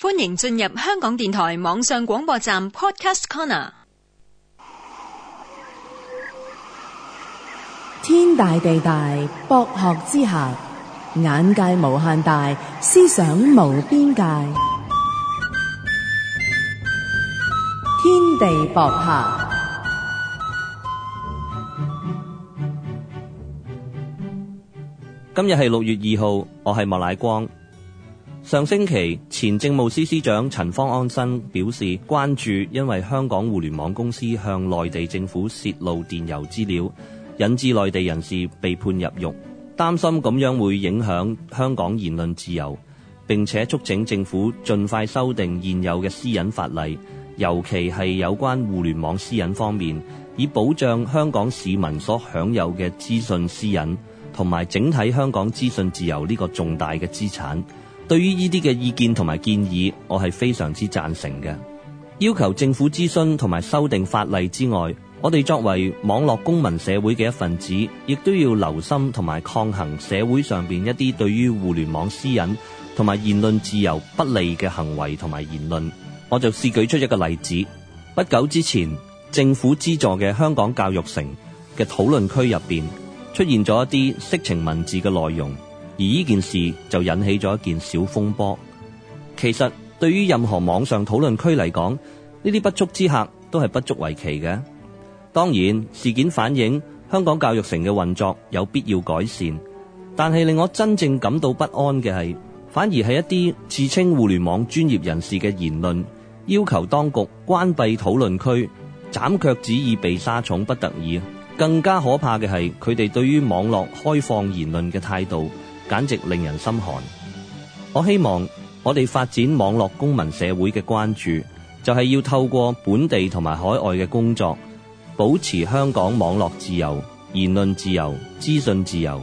歡迎進入香港電台網上廣播站 Podcast Corner。天大地大，博客之下，眼界無限大，思想無邊界。天地博客。今日係六月二號，我係莫乃光。上星期，前政務司司長陳方安生表示關注，因為香港互聯網公司向內地政府泄露電郵資料，引致內地人士被判入獄，擔心咁樣會影響香港言論自由。並且促請政府盡快修訂現有嘅私隱法例，尤其係有關互聯網私隱方面，以保障香港市民所享有嘅資訊私隱，同埋整體香港資訊自由呢個重大嘅資產。對於呢啲嘅意見同埋建議，我係非常之贊成嘅。要求政府諮詢同埋修訂法例之外，我哋作為網絡公民社會嘅一份子，亦都要留心同埋抗衡社會上面一啲對於互聯網私隱同埋言論自由不利嘅行為同埋言論。我就試舉出一個例子：不久之前，政府資助嘅香港教育城嘅討論區入面，出現咗一啲色情文字嘅內容。而呢件事就引起咗一件小風波。其實對於任何網上討論區嚟講，呢啲不速之客都係不足為奇嘅。當然事件反映香港教育城嘅運作有必要改善，但係令我真正感到不安嘅係，反而係一啲自稱互聯網專業人士嘅言論，要求當局關閉討論區，斬腳趾避沙蟲不得已。更加可怕嘅係佢哋對於網絡開放言論嘅態度。簡直令人心寒。我希望我哋發展網絡公民社會嘅關注，就係要透過本地同埋海外嘅工作，保持香港網絡自由、言論自由、資訊自由，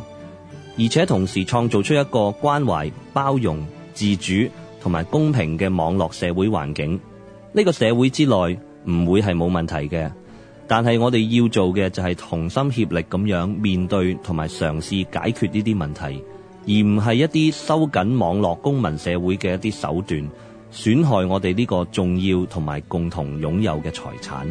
而且同時創造出一個關懷、包容、自主同埋公平嘅網絡社會環境。呢個社會之內唔會係冇問題嘅，但係我哋要做嘅就係同心協力咁樣面對同埋嘗試解決呢啲問題。而唔係一啲收緊網絡公民社會嘅一啲手段，損害我哋呢個重要同埋共同擁有嘅財產。